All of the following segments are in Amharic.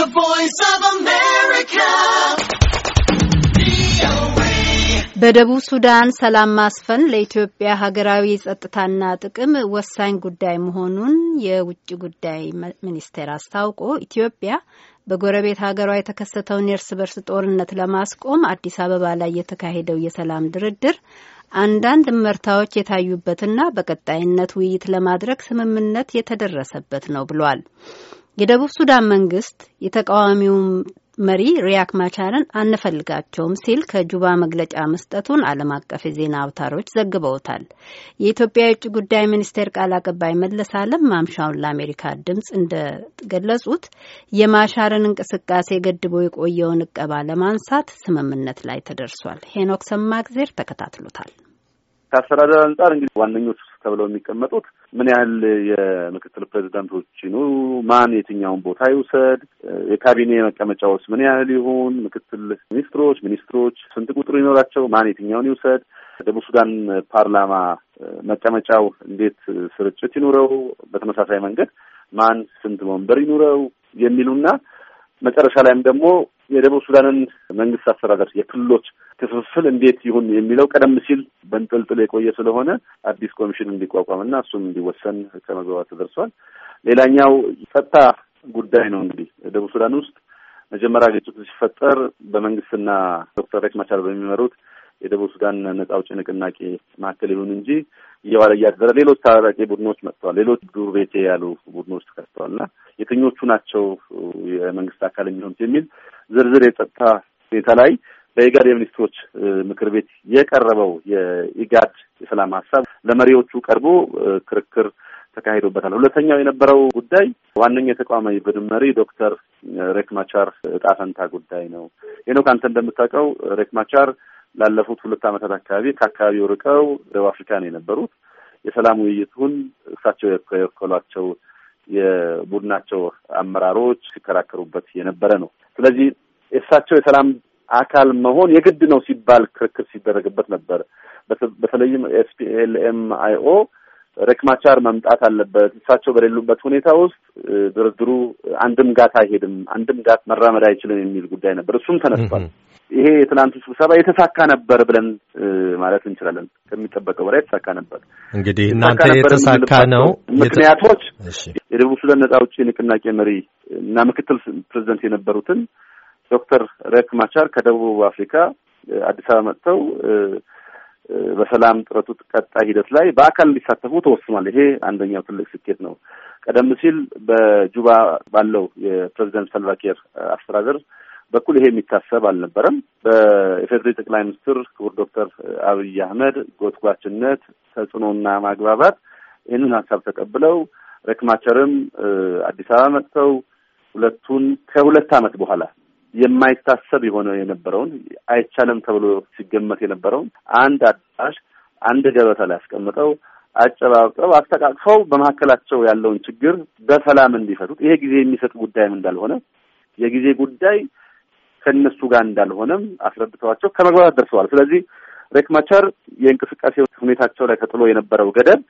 The Voice of America. በደቡብ ሱዳን ሰላም ማስፈን ለኢትዮጵያ ሀገራዊ ጸጥታና ጥቅም ወሳኝ ጉዳይ መሆኑን የውጭ ጉዳይ ሚኒስቴር አስታውቆ ኢትዮጵያ በጎረቤት ሀገሯ የተከሰተውን የእርስ በርስ ጦርነት ለማስቆም አዲስ አበባ ላይ የተካሄደው የሰላም ድርድር አንዳንድ መርታዎች የታዩበትና በቀጣይነት ውይይት ለማድረግ ስምምነት የተደረሰበት ነው ብሏል። የደቡብ ሱዳን መንግስት የተቃዋሚውን መሪ ሪያክ ማቻርን አንፈልጋቸውም ሲል ከጁባ መግለጫ መስጠቱን ዓለም አቀፍ የዜና አውታሮች ዘግበውታል። የኢትዮጵያ የውጭ ጉዳይ ሚኒስቴር ቃል አቀባይ መለስ አለም ማምሻውን ለአሜሪካ ድምፅ እንደገለጹት የማሻርን እንቅስቃሴ ገድቦ የቆየውን እቀባ ለማንሳት ስምምነት ላይ ተደርሷል። ሄኖክ ሰማግዜር ተከታትሎታል። ከአስተዳደር አንጻር እንግዲህ ዋነኞቹ ተብለው የሚቀመጡት ምን ያህል የምክትል ፕሬዚዳንቶች ይኑ፣ ማን የትኛውን ቦታ ይውሰድ፣ የካቢኔ መቀመጫዎች ምን ያህል ይሁን፣ ምክትል ሚኒስትሮች ሚኒስትሮች ስንት ቁጥር ይኖራቸው፣ ማን የትኛውን ይውሰድ፣ ደቡብ ሱዳን ፓርላማ መቀመጫው እንዴት ስርጭት ይኑረው፣ በተመሳሳይ መንገድ ማን ስንት ወንበር ይኑረው የሚሉና መጨረሻ ላይም ደግሞ የደቡብ ሱዳንን መንግስት አስተዳደር የክልሎች ክፍፍል እንዴት ይሁን የሚለው ቀደም ሲል በንጥልጥል የቆየ ስለሆነ አዲስ ኮሚሽን እንዲቋቋምና እሱም እንዲወሰን ከመግባባት ተደርሷል። ሌላኛው ጸጥታ ጉዳይ ነው። እንግዲህ ደቡብ ሱዳን ውስጥ መጀመሪያ ግጭቱ ሲፈጠር በመንግስትና ዶክተር ሬክ ማቻር በሚመሩት የደቡብ ሱዳን ነጻ አውጪ ንቅናቄ መካከል ይሁን እንጂ እየዋለ እያደረ ሌሎች ታራቂ ቡድኖች መጥተዋል። ሌሎች ዱር ቤቴ ያሉ ቡድኖች ተከስተዋል እና የትኞቹ ናቸው የመንግስት አካል የሚሆኑት የሚል ዝርዝር የጸጥታ ሁኔታ ላይ በኢጋድ የሚኒስትሮች ምክር ቤት የቀረበው የኢጋድ የሰላም ሀሳብ ለመሪዎቹ ቀርቦ ክርክር ተካሂዶበታል። ሁለተኛው የነበረው ጉዳይ ዋነኛ የተቃዋሚ ቡድን መሪ ዶክተር ሬክ ማቻር እጣ ፈንታ ጉዳይ ነው። ሄኖክ አንተ እንደምታውቀው ሬክ ማቻር ላለፉት ሁለት ዓመታት አካባቢ ከአካባቢው ርቀው ደቡብ አፍሪካ ነው የነበሩት። የሰላም ውይይቱን እሳቸው የወከሏቸው የቡድናቸው አመራሮች ሲከራከሩበት የነበረ ነው። ስለዚህ የእሳቸው የሰላም አካል መሆን የግድ ነው ሲባል ክርክር ሲደረግበት ነበር። በተለይም ኤስፒኤልኤም አይኦ ሬክማቻር መምጣት አለበት። እሳቸው በሌሉበት ሁኔታ ውስጥ ድርድሩ አንድም ጋት አይሄድም፣ አንድም ጋት መራመድ አይችልም የሚል ጉዳይ ነበር። እሱም ተነስቷል። ይሄ የትናንቱ ስብሰባ የተሳካ ነበር ብለን ማለት እንችላለን። ከሚጠበቀው በላይ የተሳካ ነበር። እንግዲህ እናንተ የተሳካ ነው ምክንያቶች የደቡብ ሱዳን ነጻ አውጪ ንቅናቄ መሪ እና ምክትል ፕሬዚደንት የነበሩትን ዶክተር ሪክ ማቻር ከደቡብ አፍሪካ አዲስ አበባ መጥተው በሰላም ጥረቱ ቀጣይ ሂደት ላይ በአካል እንዲሳተፉ ተወስኗል። ይሄ አንደኛው ትልቅ ስኬት ነው። ቀደም ሲል በጁባ ባለው የፕሬዚደንት ሳልቫኪር አስተዳደር በኩል ይሄ የሚታሰብ አልነበረም። በኢፌዴሪ ጠቅላይ ሚኒስትር ክቡር ዶክተር አብይ አህመድ ጎትጓችነት፣ ተጽዕኖና ማግባባት ይህንን ሀሳብ ተቀብለው ሬክ አዲስ አበባ መጥተው ሁለቱን ከሁለት ዓመት በኋላ የማይታሰብ የሆነ የነበረውን አይቻልም ተብሎ ሲገመት የነበረውን አንድ አዳራሽ አንድ ገበታ ላይ አስቀምጠው አጨባብጠው አስተቃቅፈው በመካከላቸው ያለውን ችግር በሰላም እንዲፈቱት ይሄ ጊዜ የሚሰጥ ጉዳይም እንዳልሆነ የጊዜ ጉዳይ ከእነሱ ጋር እንዳልሆነም አስረድተዋቸው ከመግባባት ደርሰዋል። ስለዚህ ሬክ ማቻር የእንቅስቃሴ ሁኔታቸው ላይ ተጥሎ የነበረው ገደብ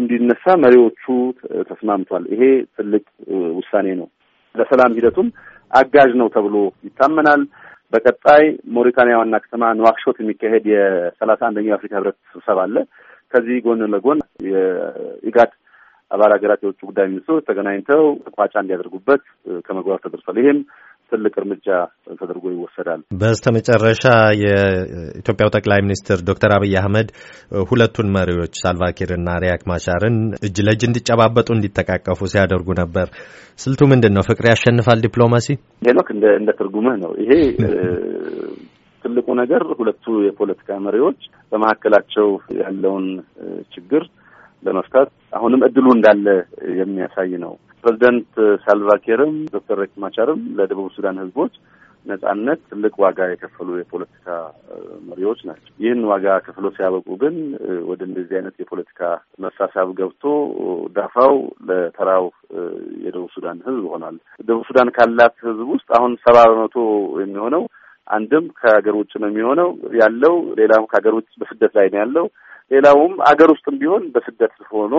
እንዲነሳ መሪዎቹ ተስማምቷል። ይሄ ትልቅ ውሳኔ ነው። ለሰላም ሂደቱም አጋዥ ነው ተብሎ ይታመናል። በቀጣይ ሞሪታኒያ ዋና ከተማ ንዋክሾት የሚካሄድ የሰላሳ አንደኛው የአፍሪካ ህብረት ስብሰባ አለ። ከዚህ ጎን ለጎን የኢጋድ አባል ሀገራት የውጭ ጉዳይ ሚኒስትሮች ተገናኝተው ቋጫ እንዲያደርጉበት ከመግባባት ተደርሷል። ይህም ትልቅ እርምጃ ተደርጎ ይወሰዳል። በስተ መጨረሻ የኢትዮጵያው ጠቅላይ ሚኒስትር ዶክተር አብይ አህመድ ሁለቱን መሪዎች ሳልቫኪርና ሪያክ ማሻርን እጅ ለእጅ እንዲጨባበጡ፣ እንዲተቃቀፉ ሲያደርጉ ነበር። ስልቱ ምንድን ነው? ፍቅር ያሸንፋል ዲፕሎማሲ። ሄኖክ፣ እንደ እንደ ትርጉምህ ነው ይሄ ትልቁ ነገር ሁለቱ የፖለቲካ መሪዎች በመካከላቸው ያለውን ችግር ለመፍታት አሁንም እድሉ እንዳለ የሚያሳይ ነው። ፕሬዚደንት ሳልቫኪርም ዶክተር ሬክ ማቻርም ለደቡብ ሱዳን ህዝቦች ነጻነት ትልቅ ዋጋ የከፈሉ የፖለቲካ መሪዎች ናቸው። ይህን ዋጋ ከፍሎ ሲያበቁ ግን ወደ እንደዚህ አይነት የፖለቲካ መሳሳብ ገብቶ ዳፋው ለተራው የደቡብ ሱዳን ህዝብ ሆኗል። ደቡብ ሱዳን ካላት ህዝብ ውስጥ አሁን ሰባ በመቶ የሚሆነው አንድም ከሀገር ውጭ ነው የሚሆነው ያለው ሌላም ከሀገር ውጭ በስደት ላይ ነው ያለው ሌላውም አገር ውስጥም ቢሆን በስደት ሆኖ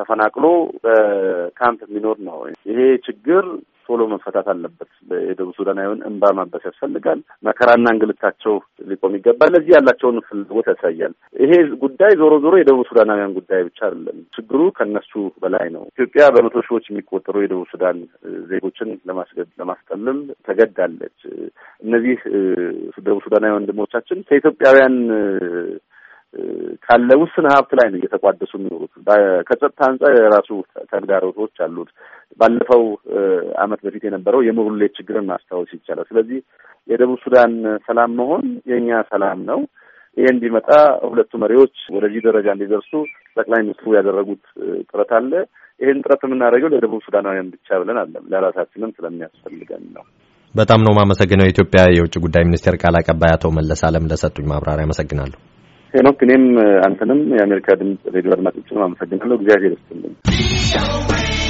ተፈናቅሎ በካምፕ የሚኖር ነው። ይሄ ችግር ቶሎ መፈታት አለበት። የደቡብ ሱዳናዊን እንባ ማበስ ያስፈልጋል። መከራና እንግልታቸው ሊቆም ይገባል። ለዚህ ያላቸውን ፍላጎት ያሳያል። ይሄ ጉዳይ ዞሮ ዞሮ የደቡብ ሱዳናዊያን ጉዳይ ብቻ አይደለም። ችግሩ ከነሱ በላይ ነው። ኢትዮጵያ በመቶ ሺዎች የሚቆጠሩ የደቡብ ሱዳን ዜጎችን ለማስገድ ተገዳለች። እነዚህ ደቡብ ሱዳናዊ ወንድሞቻችን ከኢትዮጵያውያን ካለ ውስን ሀብት ላይ ነው እየተቋደሱ የሚኖሩት። ከጸጥታ አንጻር የራሱ ተግዳሮቶች አሉት። ባለፈው ዓመት በፊት የነበረው የሙርሌ ችግርን ማስታወስ ይቻላል። ስለዚህ የደቡብ ሱዳን ሰላም መሆን የእኛ ሰላም ነው። ይሄ እንዲመጣ ሁለቱ መሪዎች ወደዚህ ደረጃ እንዲደርሱ ጠቅላይ ሚኒስትሩ ያደረጉት ጥረት አለ። ይህን ጥረት የምናደርገው ለደቡብ ሱዳናውያን ብቻ ብለን አለም ለራሳችንም ስለሚያስፈልገን ነው። በጣም ነው የማመሰግነው። የኢትዮጵያ የውጭ ጉዳይ ሚኒስቴር ቃል አቀባይ አቶ መለስ አለም ለሰጡኝ ማብራሪያ አመሰግናለሁ። ሄኖክ፣ እኔም አንተንም የአሜሪካ ድምፅ ሬዲዮ አድማጮችን አመሰግናለሁ። እግዚአብሔር ይስጥልኝ።